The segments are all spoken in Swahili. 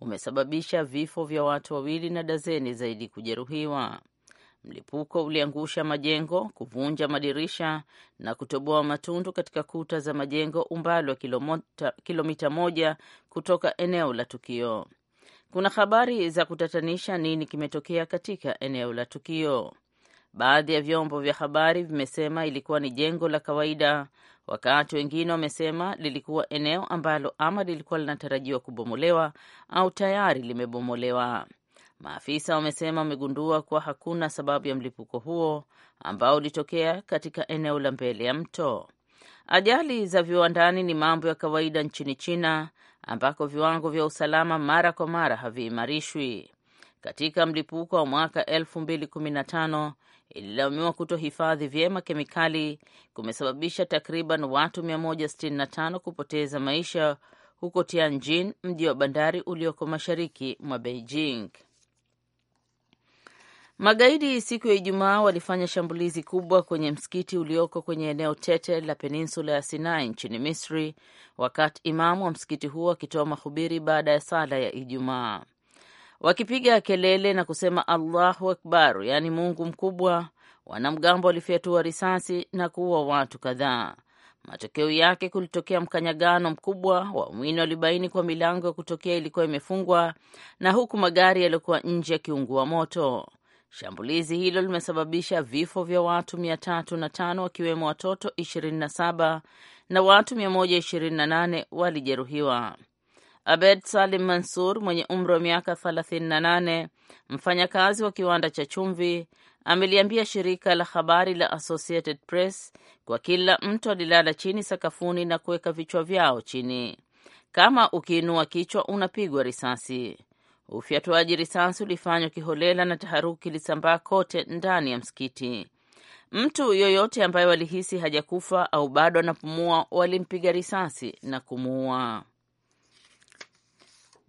umesababisha vifo vya watu wawili na dazeni zaidi kujeruhiwa. Mlipuko uliangusha majengo, kuvunja madirisha na kutoboa matundu katika kuta za majengo umbali wa kilomita moja kutoka eneo la tukio. Kuna habari za kutatanisha nini kimetokea katika eneo la tukio. Baadhi ya vyombo vya habari vimesema ilikuwa ni jengo la kawaida, wakati wengine wamesema lilikuwa eneo ambalo ama lilikuwa linatarajiwa kubomolewa au tayari limebomolewa. Maafisa wamesema wamegundua kuwa hakuna sababu ya mlipuko huo ambao ulitokea katika eneo la mbele ya mto. Ajali za viwandani ni mambo ya kawaida nchini China ambako viwango vya usalama mara kwa mara haviimarishwi. Katika mlipuko wa mwaka 2015 ililaumiwa kutohifadhi vyema kemikali kumesababisha takriban watu 165 kupoteza maisha huko Tianjin, mji wa bandari ulioko mashariki mwa Beijing. Magaidi siku ya Ijumaa walifanya shambulizi kubwa kwenye msikiti ulioko kwenye eneo tete la peninsula ya Sinai nchini Misri, wakati imamu wa msikiti huo akitoa mahubiri baada ya sala ya Ijumaa wakipiga kelele na kusema Allahu akbar, yaani Mungu mkubwa. Wanamgambo walifyatua risasi na kuua watu kadhaa. Matokeo yake kulitokea mkanyagano mkubwa. Waumini walibaini kuwa milango ya kutokea ilikuwa imefungwa na huku magari yaliyokuwa nje yakiungua moto. Shambulizi hilo limesababisha vifo vya watu mia tatu na tano wakiwemo watoto 27 na watu 128 walijeruhiwa. Abed Salim Mansur mwenye umri wa miaka 38, mfanyakazi wa kiwanda cha chumvi, ameliambia shirika la habari la Associated Press kwa kila mtu alilala chini sakafuni na kuweka vichwa vyao chini. Kama ukiinua kichwa unapigwa risasi. Ufyatuaji risasi ulifanywa kiholela na taharuki ilisambaa kote ndani ya msikiti. Mtu yoyote ambaye walihisi hajakufa au bado anapumua walimpiga risasi na kumuua.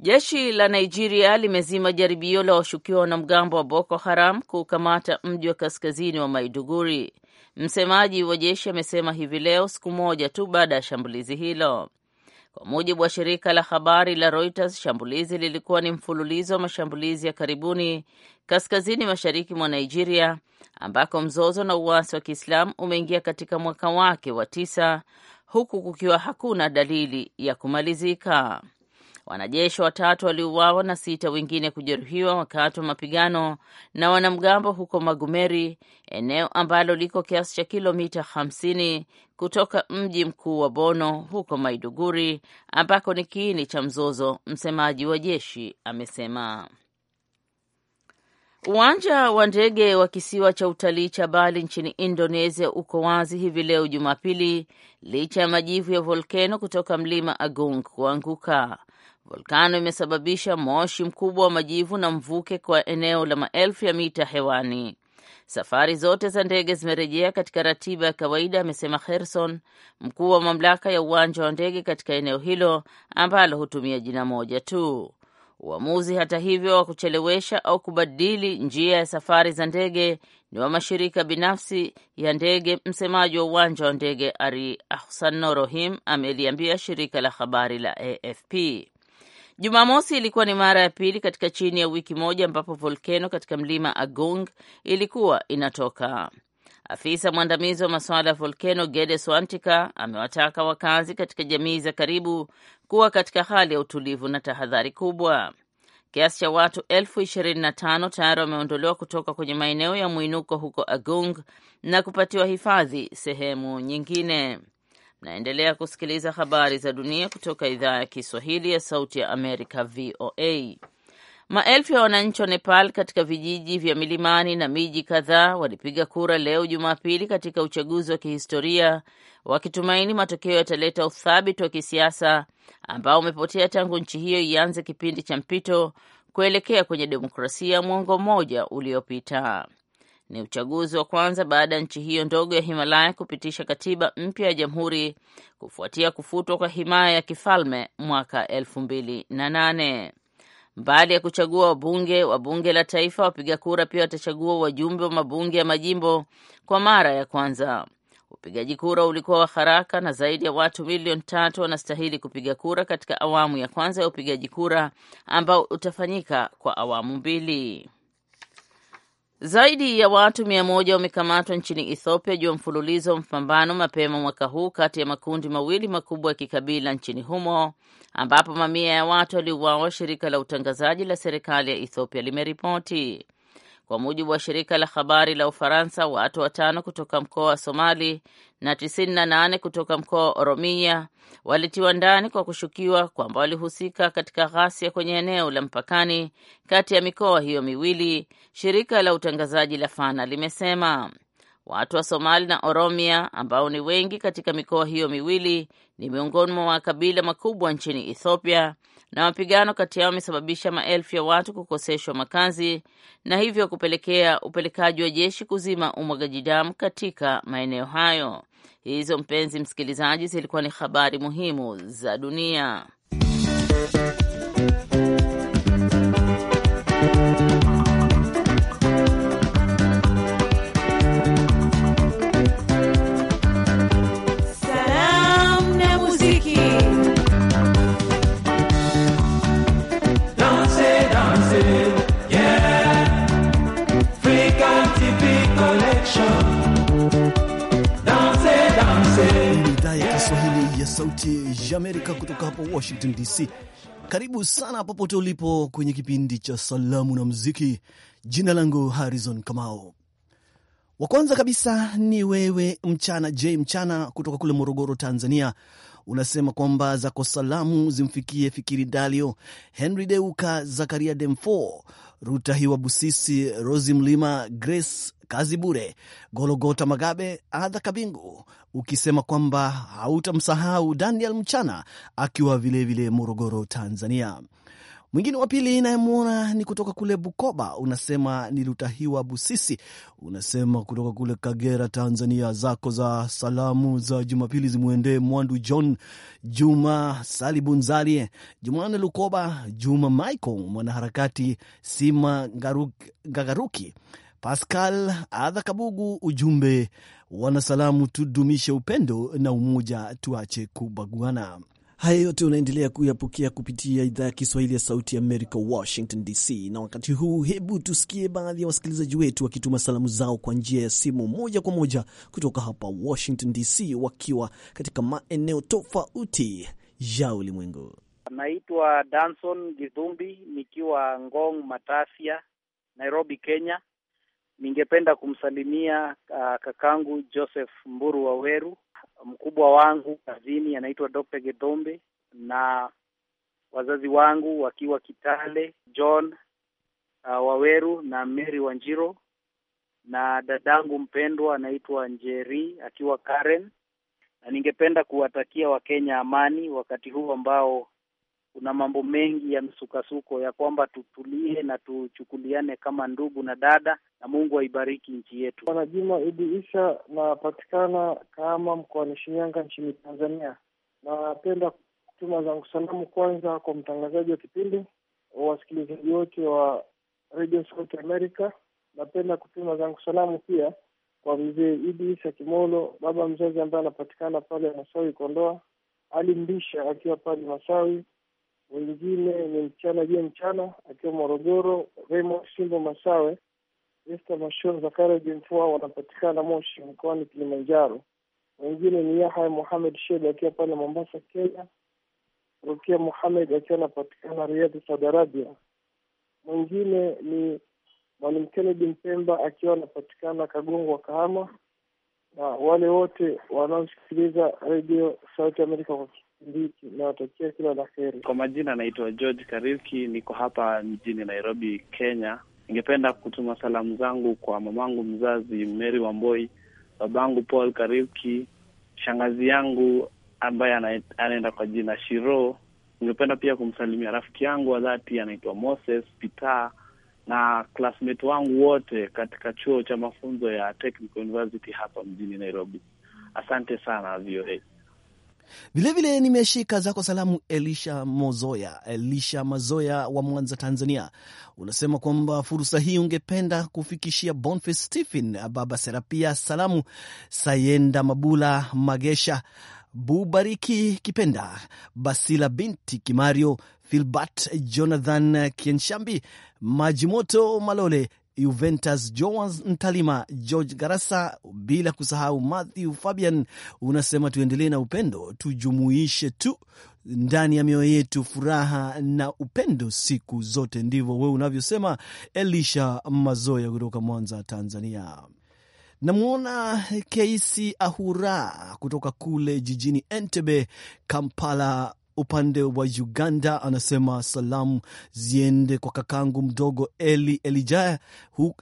Jeshi la Nigeria limezima jaribio la washukiwa wanamgambo wa Boko Haram kuukamata mji wa kaskazini wa Maiduguri. Msemaji wa jeshi amesema hivi leo, siku moja tu baada ya shambulizi hilo. Kwa mujibu wa shirika la habari la Reuters, shambulizi lilikuwa ni mfululizo wa mashambulizi ya karibuni kaskazini mashariki mwa Nigeria, ambako mzozo na uasi wa Kiislamu umeingia katika mwaka wake wa tisa, huku kukiwa hakuna dalili ya kumalizika. Wanajeshi watatu waliuawa na sita wengine kujeruhiwa wakati wa mapigano na wanamgambo huko Magumeri, eneo ambalo liko kiasi cha kilomita 50 kutoka mji mkuu wa Bono huko Maiduguri, ambako ni kiini cha mzozo, msemaji wa jeshi amesema. Uwanja wa ndege wa kisiwa cha utalii cha Bali nchini Indonesia uko wazi hivi leo Jumapili licha ya majivu ya volkeno kutoka mlima Agung kuanguka. Volkano imesababisha moshi mkubwa wa majivu na mvuke kwa eneo la maelfu ya mita hewani. Safari zote za ndege zimerejea katika ratiba ya kawaida, amesema Herson, mkuu wa mamlaka ya uwanja wa ndege katika eneo hilo ambalo hutumia jina moja tu. Uamuzi hata hivyo wa kuchelewesha au kubadili njia ya safari za ndege ni wa mashirika binafsi ya ndege. Msemaji wa uwanja wa ndege Ari Ahsan Norohim ameliambia shirika la habari la AFP. Jumamosi ilikuwa ni mara ya pili katika chini ya wiki moja ambapo volkeno katika mlima Agung ilikuwa inatoka. Afisa mwandamizi wa masuala ya volkeno Gedes Wantika amewataka wakazi katika jamii za karibu kuwa katika hali ya utulivu na tahadhari kubwa. Kiasi cha watu elfu ishirini na tano tayari wameondolewa kutoka kwenye maeneo ya mwinuko huko Agung na kupatiwa hifadhi sehemu nyingine. Naendelea kusikiliza habari za dunia kutoka idhaa ya Kiswahili ya Sauti ya Amerika, VOA. Maelfu ya wananchi wa Nepal katika vijiji vya milimani na miji kadhaa walipiga kura leo Jumapili katika uchaguzi wa kihistoria wakitumaini matokeo yataleta uthabiti wa kisiasa ambao umepotea tangu nchi hiyo ianze kipindi cha mpito kuelekea kwenye demokrasia mwongo mmoja uliopita. Ni uchaguzi wa kwanza baada ya nchi hiyo ndogo ya Himalaya kupitisha katiba mpya ya jamhuri kufuatia kufutwa kwa himaya ya kifalme mwaka elfu mbili na nane. Mbali ya kuchagua wabunge wa bunge la taifa, wapiga kura pia watachagua wajumbe wa mabunge ya majimbo kwa mara ya kwanza. Upigaji kura ulikuwa wa haraka na zaidi ya watu milioni tatu wanastahili kupiga kura katika awamu ya kwanza ya upigaji kura ambao utafanyika kwa awamu mbili. Zaidi ya watu mia moja wamekamatwa nchini Ethiopia juu ya mfululizo wa mapambano mapema mwaka huu kati ya makundi mawili makubwa ya kikabila nchini humo ambapo mamia ya watu waliuawa, shirika la utangazaji la serikali ya Ethiopia limeripoti. Kwa mujibu wa shirika la habari la Ufaransa, watu watano kutoka mkoa wa Somali na 98 kutoka mkoa wa Oromia walitiwa ndani kwa kushukiwa kwamba walihusika katika ghasia kwenye eneo la mpakani kati ya mikoa hiyo miwili, shirika la utangazaji la Fana limesema. Watu wa Somali na Oromia ambao ni wengi katika mikoa hiyo miwili ni miongoni mwa makabila makubwa nchini Ethiopia, na mapigano kati yao yamesababisha maelfu ya watu kukoseshwa makazi na hivyo kupelekea upelekaji wa jeshi kuzima umwagaji damu katika maeneo hayo. Hizo, mpenzi msikilizaji, zilikuwa ni habari muhimu za dunia. Idhaa ya Kiswahili ya Sauti ya Amerika kutoka hapa Washington DC. Karibu sana popote ulipo kwenye kipindi cha Salamu na Muziki. Jina langu Harrison Kamao. Wa kwanza kabisa ni wewe Mchana J Mchana kutoka kule Morogoro, Tanzania. Unasema kwamba zako salamu zimfikie Fikiri Dalio, Henry Deuka, Zakaria Demfo, Ruta Hiwa Busisi, Rosi Mlima, Grace Kazi Bure, Gologota Magabe, Adha Kabingu, ukisema kwamba hautamsahau Daniel Mchana akiwa vilevile vile Morogoro, Tanzania. Mwingine wa pili inayemwona ni kutoka kule Bukoba, unasema ni Lutahiwa Busisi, unasema kutoka kule Kagera, Tanzania. Zako za salamu za Jumapili zimwendee Mwandu John Juma, Salibunzali, Jumane Lukoba, Juma Michael, mwanaharakati Sima Gagaruki, Pascal Adha Kabugu, ujumbe wanasalamu, tudumishe upendo na umoja, tuache kubaguana. Haya yote unaendelea kuyapokea kupitia idhaa ya Kiswahili ya Sauti ya Amerika, Washington DC. Na wakati huu, hebu tusikie baadhi ya wasikilizaji wetu wakituma salamu zao kwa njia ya simu moja kwa moja kutoka hapa Washington DC, wakiwa katika maeneo tofauti ya ulimwengu. Naitwa Danson Githumbi nikiwa Ngong Matasia, Nairobi, Kenya. Ningependa kumsalimia uh, kakangu Joseph Mburu Waweru, mkubwa wangu kazini anaitwa Dr. Gedhombe, na wazazi wangu wakiwa Kitale, John uh, ah, Waweru na Mary Wanjiro, na dadangu mpendwa anaitwa Njeri akiwa Karen, na ningependa kuwatakia Wakenya amani wakati huu ambao kuna mambo mengi ya msukasuko ya kwamba tutulie na tuchukuliane kama ndugu na dada, na Mungu aibariki nchi yetu. Bwana Juma Idi Isa, napatikana kama mkoani Shinyanga nchini Tanzania. Napenda kutuma zangu salamu kwanza kwa mtangazaji wa kipindi, wasikilizaji wote wa Radio South America. Napenda kutuma zangu salamu pia kwa mzee Idi Isa Kimolo, baba mzazi ambaye anapatikana pale Masawi Kondoa, Ali Mbisha akiwa pale Masawi Mwingine ni mchana jie mchana akiwa Morogoro. Remo Simbo Masawe, Esta Mashoo, Zakaria Jemfua wanapatikana Moshi mkoani Kilimanjaro. Mwingine ni Yahya Muhamed shed akiwa pale Mombasa, Kenya. Rukia Muhamed akiwa anapatikana Riadhi, Saudi Arabia. Mwingine ni Mwalimu kenedi Mpemba akiwa anapatikana Kagongo wa Kahama, na wale wote wanaosikiliza redio Sauti Amerika kwa mbichi inawatakia kila la heri. Kwa majina anaitwa George Kariki, niko hapa mjini Nairobi, Kenya. Ningependa kutuma salamu zangu kwa mamangu mzazi Mary Wamboi, babangu Paul Kariki, shangazi yangu ambaye anaenda kwa jina Shiro. Ningependa pia kumsalimia rafiki yangu wa dhati anaitwa Moses Pita na classmate wangu wote katika chuo cha mafunzo ya Technical University hapa mjini Nairobi. Asante sana VOA. Vilevile nimeshika zako salamu Elisha Mozoya, Elisha Mazoya wa Mwanza, Tanzania. Unasema kwamba fursa hii ungependa kufikishia Boniface Stephen, Baba Serapia, salamu Sayenda Mabula, Magesha Bubariki, Kipenda Basila, binti Kimario, Filbert Jonathan Kienshambi, Majimoto Malole, Juventus Joas Ntalima, George Garasa, bila kusahau Matthew Fabian. Unasema tuendelee na upendo, tujumuishe tu ndani ya mioyo yetu furaha na upendo siku zote. Ndivyo wewe unavyosema, Elisha Mazoya kutoka Mwanza, Tanzania. Namwona Keisi Ahura kutoka kule jijini Entebbe, Kampala, upande wa Uganda anasema salamu ziende kwa kakangu mdogo Eli Elijaya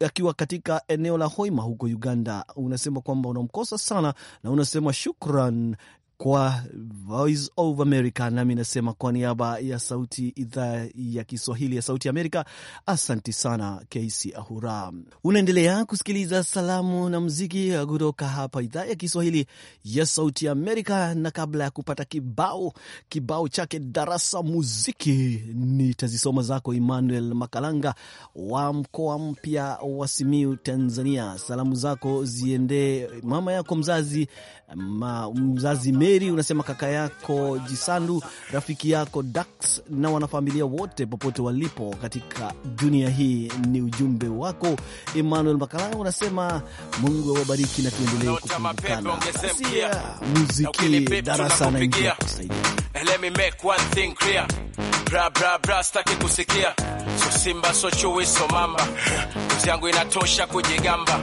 akiwa katika eneo la Hoima huko Uganda. Unasema kwamba unamkosa sana na unasema shukran kwa Voice of America, nami nasema kwa niaba ya sauti idhaa ya Kiswahili ya Sauti Amerika, asanti sana Keisi Ahura. Unaendelea kusikiliza salamu na muziki kutoka hapa idhaa ya Kiswahili ya Sauti Amerika, na kabla ya kupata kibao kibao chake darasa muziki, nitazisoma zako Emmanuel Makalanga wa mkoa mpya wa Simiu, Tanzania. Salamu zako ziendee mama yako mzazi ma, mzazi me Meri unasema kaka yako Jisandu, rafiki yako Dax na wanafamilia wote popote walipo katika dunia hii. Ni ujumbe wako Emmanuel Makalala, unasema Mungu awabariki na tuendelee kukumbukana. Uh, muziki darasa na ingia kusaidia Bra, bra, bra, staki kusikia so simba so chui so mamba yangu inatosha kujigamba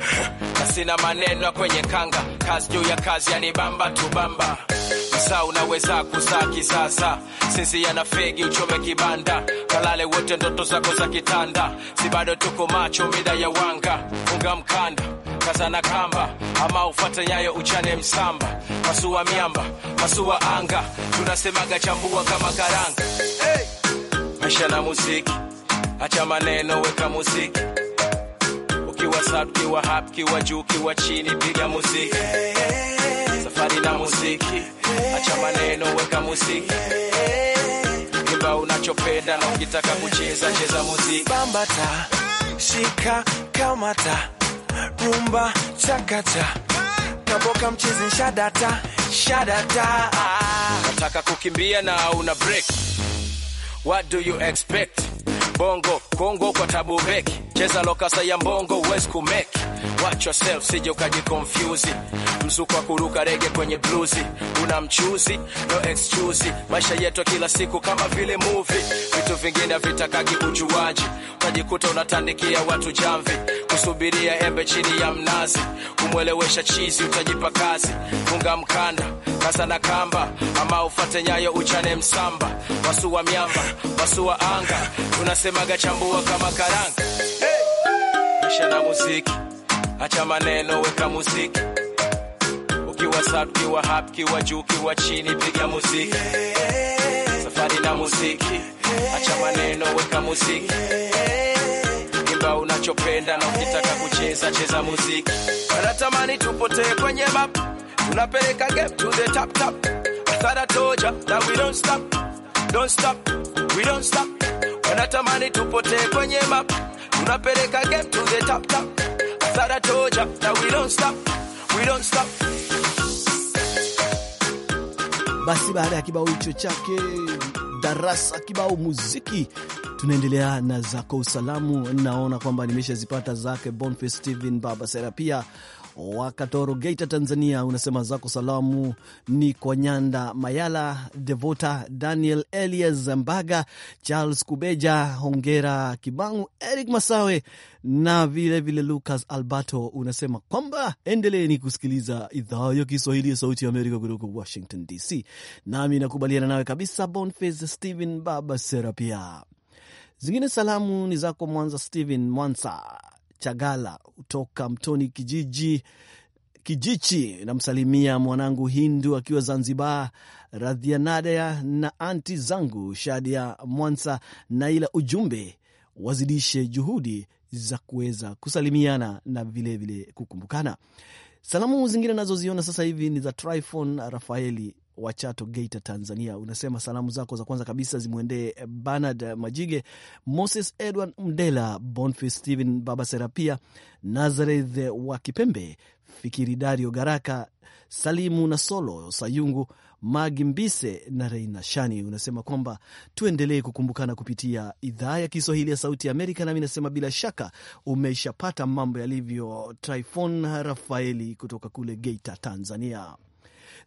na sina maneno kwenye kanga kazi juu ya kazi sa unaweza kuzaa kisasa, sisi yana fegi uchome kibanda, kalale wote ndoto zako za kitanda, si bado tuko macho mida ya wanga, funga mkanda kazana kamba, ama ufuate nyayo uchane msamba, pasua miamba, pasua anga, tunasemaga chambua kama karanga. Hey! maisha na muziki, acha maneno, weka muziki ukiwa sad, ukiwa hap, kiwa juu, kiwa chini, piga muziki hey, hey na muziki, acha maneno, weka muziki, imba unachopenda, na ukitaka kucheza cheza muziki. Bambata, shika, kamata, rumba, chakata, kaboka, mchezi, shadata, shadata. Nataka kukimbia na una break, what do you expect? Bongo Kongo kwa tabu beki, cheza lokasa ya mbongo, uwezi kumeki watch yourself, sije ukaji confuse. Mzuko wa kuruka rege kwenye bluzi, una mchuzi no excuse. Maisha yetu kila siku kama vile movie, vitu vingine vitakagi ujuaji, utajikuta unatandikia watu jamvi kusubiria embe chini ya mnazi, kumwelewesha chizi, utajipa kazi, funga mkanda kaza na kamba, ama ufate nyayo uchane msamba, wa miamba, wasua anga, tunasemaga chambua kama karanga, hey! Maisha na muziki Acha maneno, weka muziki. Ukiwa sad, ukiwa hap, ukiwa juu, ukiwa chini, piga muziki. Safari na muziki, acha maneno, weka muziki. Imba unachopenda na ukitaka kucheza, cheza muziki. Wanatamani tupotee kwenye map, tunapeleka game to the top top. I thought that we don't stop, don't stop, we don't stop. Wanatamani tupotee kwenye map, tunapeleka game to the top top. But I told ya that we don't stop, we don't stop. Basi baada ya kibao hicho chake darasa kibao muziki tunaendelea na zako usalamu. Naona kwamba nimeshazipata zake Boniface Steven Baba Serapia wa Katoro, Geita, Tanzania, unasema zako salamu ni kwa Nyanda Mayala, Devota Daniel, Elias Mbaga, Charles Kubeja, Hongera Kibangu, Eric Masawe na vilevile vile Lucas Alberto. Unasema kwamba endeleeni kusikiliza idhaa ya Kiswahili ya Sauti ya Amerika kutoka Washington DC, nami nakubaliana nawe kabisa. Boniface Stephen Baba Serapia, zingine salamu ni zako Mwanza Stephen Mwansa Chagala kutoka Mtoni kijiji Kijichi. Namsalimia mwanangu Hindu akiwa Zanzibar, Radhianada na anti zangu Shadia Mwansa na ila ujumbe wazidishe juhudi za kuweza kusalimiana na vilevile kukumbukana. Salamu zingine nazoziona sasa hivi ni za Tryphon Rafaeli wa Chato, Geita, Tanzania. Unasema salamu zako za kwanza kabisa zimwendee Bernard Majige, Moses Edward Mdela, Bonfi Stephen, Baba Serapia, Nazareth wa Kipembe, Fikiri Dario Garaka, Salimu na Solo Sayungu, Magi Mbise na Reina Shani. Unasema kwamba tuendelee kukumbukana kupitia idhaa ya Kiswahili ya Sauti ya Amerika, nami nasema bila shaka umeshapata mambo yalivyo. Tryfon Rafaeli kutoka kule Geita, Tanzania.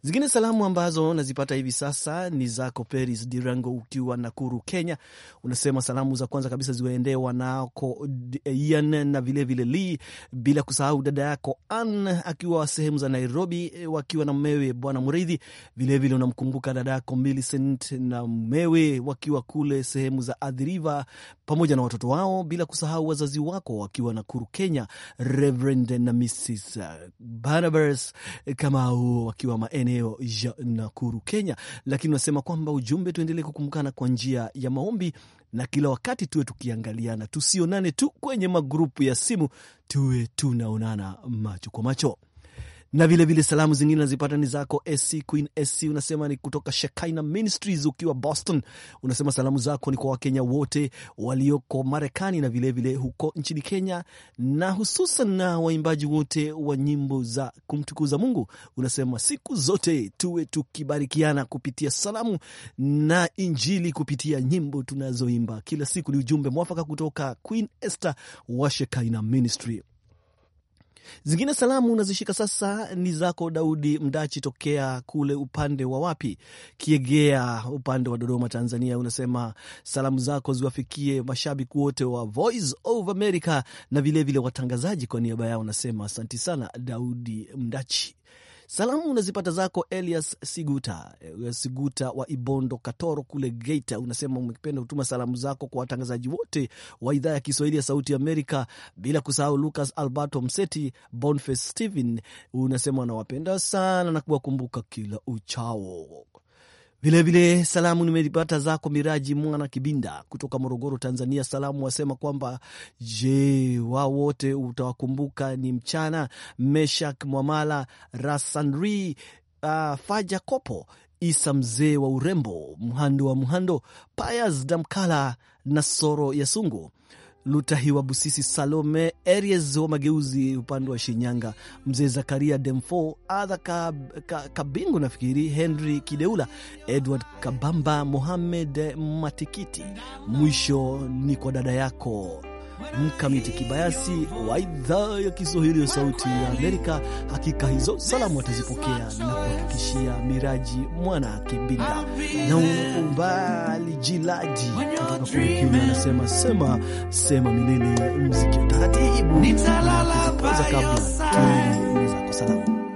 Zingine salamu ambazo nazipata hivi sasa ni zako Peris Dirango ukiwa Nakuru, Kenya. Unasema salamu za kwanza kabisa ziwaendee wanako Ian na vilevile Li, bila kusahau dada yako Ann akiwa sehemu za Nairobi e, wakiwa na mmewe Bwana Mridhi. Vilevile unamkumbuka dada yako Milicent na mmewe wakiwa kule sehemu za Adhiriva pamoja na watoto wao, bila kusahau wazazi wako wakiwa Nakuru, Kenya, Reverend na Mrs Barnabas Kamau wakiwa maeneo maeneo ya Nakuru, Kenya. Lakini unasema kwamba ujumbe, tuendelee kukumbukana kwa njia ya maombi na kila wakati tuwe tukiangaliana, tusionane tu kwenye magrupu ya simu, tuwe tunaonana macho kwa macho na vilevile vile salamu zingine nazipata ni zako SC Queen SC, unasema ni kutoka Shekina Ministries ukiwa Boston. Unasema salamu zako ni kwa Wakenya wote walioko Marekani na vilevile vile huko nchini Kenya, na hususan na waimbaji wote wa nyimbo za kumtukuza Mungu. Unasema siku zote tuwe tukibarikiana kupitia salamu na Injili kupitia nyimbo tunazoimba kila siku. Ni ujumbe mwafaka kutoka Queen Esther wa Shekina Ministry. Zingine salamu nazishika sasa ni zako Daudi Mdachi tokea kule upande wa wapi, Kiegea, upande wa Dodoma, Tanzania. Unasema salamu zako ziwafikie mashabiki wote wa Voice of America na vilevile vile watangazaji. Kwa niaba yao unasema asanti sana Daudi Mdachi. Salamu unazipata zako Elias Siguta, Elias eh, Siguta wa Ibondo Katoro kule Geita. Unasema umependa kutuma salamu zako kwa watangazaji wote wa idhaa ya Kiswahili ya Sauti Amerika, bila kusahau Lucas Alberto Mseti, Boniface Stephen. Unasema unawapenda sana na kuwakumbuka kila uchao. Vilevile salamu nimeipata zako Miraji Mwana Kibinda kutoka Morogoro, Tanzania. Salamu wasema kwamba je, wao wote utawakumbuka ni mchana Meshak Mwamala, Rasanri uh, Faja Kopo, Isa mzee wa urembo, Mhando wa Mhando, Payas Damkala na Soro ya Sungu. Lutahiwa Busisi, Salome Aries wa Mageuzi upande wa Shinyanga, Mzee Zakaria Demfo, Adha Kabingu, nafikiri Henry Kideula, Edward Kabamba, Mohamed Matikiti. Mwisho ni kwa dada yako Mkamiti Kibayasi wa idhaa ya Kiswahili ya Sauti ya Amerika. Hakika hizo salamu atazipokea na kuhakikishia Miraji Mwana Kibinda na umbali jilaji kutoka kule anasema sema sema milele, mziki utaratibu za kabla tuweze salamu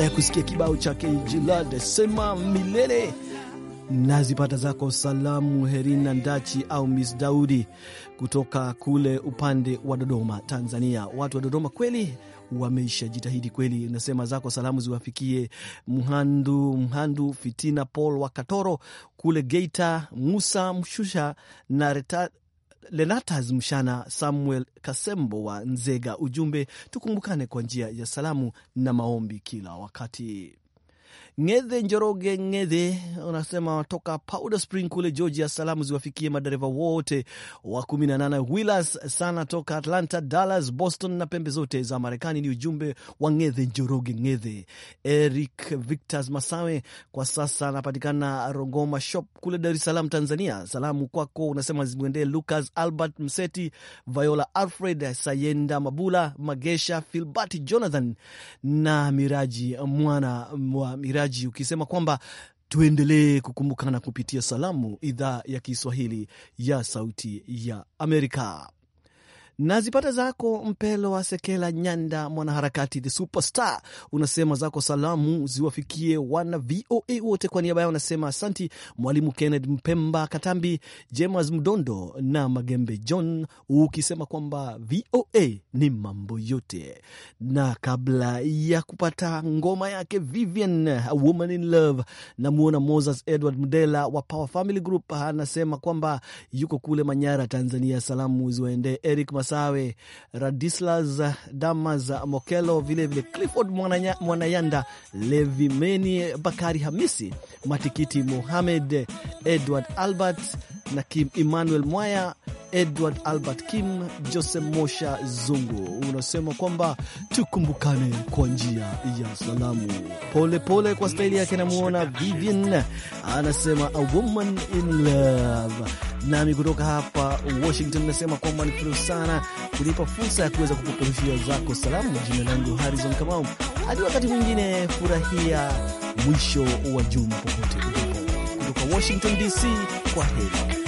baada ya kusikia kibao chake Jilade sema milele na zipata zako salamu Herina Ndachi au Miss Daudi kutoka kule upande wa Dodoma, Tanzania. Watu wa Dodoma kweli wameisha jitahidi kweli. Nasema zako salamu ziwafikie Mhandu Mhandu Fitina Paul wa Katoro kule Geita, Musa Mshusha na Reta, Lenatas Mshana, Samuel Kasembo wa Nzega. Ujumbe, tukumbukane kwa njia ya salamu na maombi kila wakati. Ng'ethe Njoroge Ng'ethe unasema toka Powder Spring kule Georgia. Salamu ziwafikie madereva wote wa 18 wheelers sana toka Atlanta, Dallas, Boston na pembe zote za Marekani. Ni ujumbe wa Ng'ethe Njoroge Ng'ethe. Eric Victor Masawe kwa sasa anapatikana Rogoma Shop kule Dar es Salaam, Tanzania. Salamu kwako unasema zimwendee Lucas Albert Mseti, Viola Alfred Sayenda, Mabula Magesha, Filbert Jonathan na Miraji mwana wa Miraji msikilizaji ukisema kwamba tuendelee kukumbukana kupitia salamu idhaa ya Kiswahili ya Sauti ya Amerika na zipata zako Mpelo wa Sekela Nyanda, mwanaharakati the superstar, unasema zako salamu ziwafikie wana VOA wote. Kwa niaba yao unasema asanti Mwalimu Kenneth Mpemba Katambi, James Mdondo na Magembe John, ukisema kwamba VOA ni mambo yote. Na kabla ya kupata ngoma yake Vivian, A Woman in Love, namuona Moses Edward Mdela wa Power Family Group anasema kwamba yuko kule Manyara, Tanzania. Salamu ziwaendee Eric Mas Masawe, Radislas Damas Mokelo, vilevile Clifford Mwananya, Mwanayanda, Levimeni Bakari Hamisi, Matikiti Muhamed, Edward Albert na Kim Emmanuel Mwaya, Edward Albert Kim, Joseph Mosha Zungu. Unasema kwamba tukumbukane kwa njia ya salamu. Pole pole kwa staili yake, namuona Vivian anasema a woman in love. Nami kutoka hapa Washington nasema kwamba ni furaha sana kunipa fursa ya kuweza kukuperushia zako salamu. Jina langu Harrison Kamau. Hadi wakati mwingine, furahia mwisho wa juma popote ulipo. Kutoka Washington DC, kwa heri.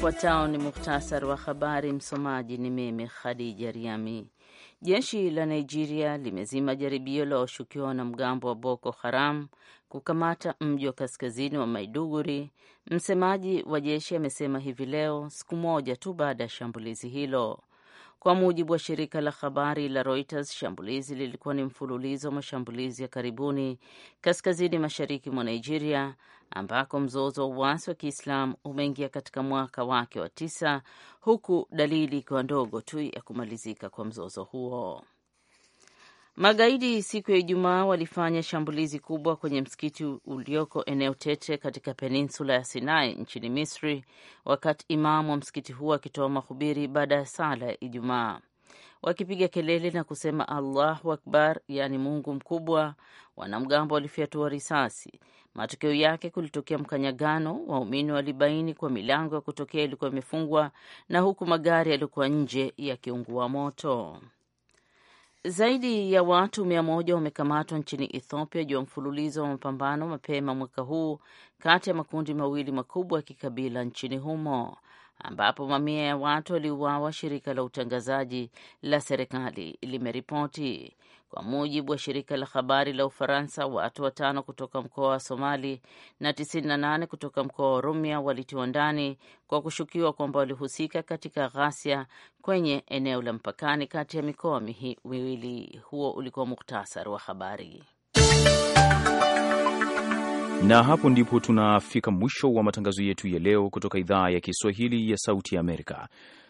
Ufuatao ni muhtasari wa habari. Msomaji ni mimi Khadija Riami. Jeshi la Nigeria limezima jaribio la washukiwa wanamgambo wa Boko Haram kukamata mji wa kaskazini wa Maiduguri. Msemaji wa jeshi amesema hivi leo, siku moja tu baada ya shambulizi hilo. Kwa mujibu wa shirika la habari la Reuters, shambulizi lilikuwa ni mfululizo wa mashambulizi ya karibuni kaskazini mashariki mwa Nigeria, ambako mzozo wa uasi wa Kiislamu umeingia katika mwaka wake wa tisa, huku dalili ikiwa ndogo tu ya kumalizika kwa mzozo huo. Magaidi siku ya Ijumaa walifanya shambulizi kubwa kwenye msikiti ulioko eneo tete katika peninsula ya Sinai nchini Misri, wakati imamu wa msikiti huo akitoa mahubiri baada ya sala ya Ijumaa. Wakipiga kelele na kusema Allahu akbar, yaani Mungu mkubwa, wanamgambo walifyatua risasi. Matokeo yake kulitokea mkanyagano, waumini walibaini kwa milango ya kutokea ilikuwa imefungwa, na huku magari yaliyokuwa nje yakiungua moto. Zaidi ya watu mia moja wamekamatwa nchini Ethiopia juu ya mfululizo wa mapambano mapema mwaka huu kati ya makundi mawili makubwa ya kikabila nchini humo ambapo mamia ya watu waliuawa, shirika la utangazaji la serikali limeripoti. Kwa mujibu wa shirika la habari la Ufaransa, watu watano kutoka mkoa wa Somali na 98 kutoka mkoa wa Oromia walitiwa ndani kwa kushukiwa kwamba walihusika katika ghasia kwenye eneo la mpakani kati ya mikoa miwili. Huo ulikuwa muktasari wa habari. Na hapo ndipo tunafika mwisho wa matangazo yetu ya leo kutoka idhaa ya Kiswahili ya Sauti ya Amerika.